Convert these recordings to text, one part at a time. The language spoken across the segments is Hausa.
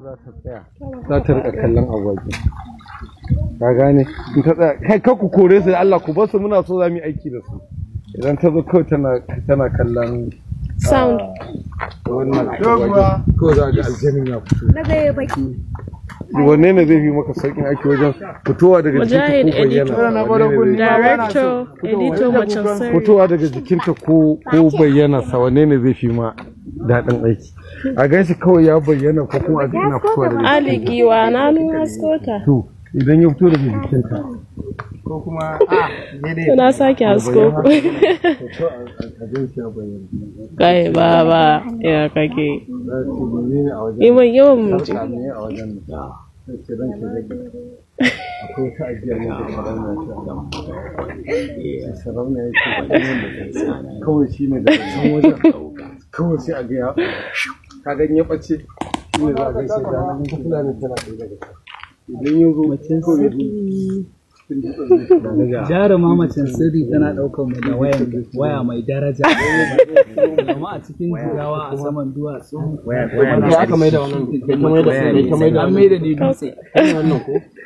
za ta tsaya za rika kallon agwagi ka gane in ta tsaya kai ka ku kore su Allah ku basu muna so za mu yi aiki da su idan ta zo kawai tana tana kallon ah, sound wannan agwagi ko za ga aljanin ya fito na ga baki wanne ne zai fi maka sauƙin aiki wajen fitowa daga jikinta ko bayyana fitowa daga jikinta ko bayyana sa wanne ne zai fi ma daɗin aiki a gan shi kawai ya bayyana ko kuma a ina da na nuna skota to idan ya fito da kuma a na sake hasko ya kake yawan yawan mutum kawai shi ne da wajen kawai sai a ka ya ne za da nan tana ɗaya idan zo sirri sirri tana ɗaukar mu da waya mai daraja kuma a cikin jigawa a saman duwatsu waya mai da wannan ta mai da mai da ni dutse ko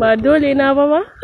ba dole na ba ba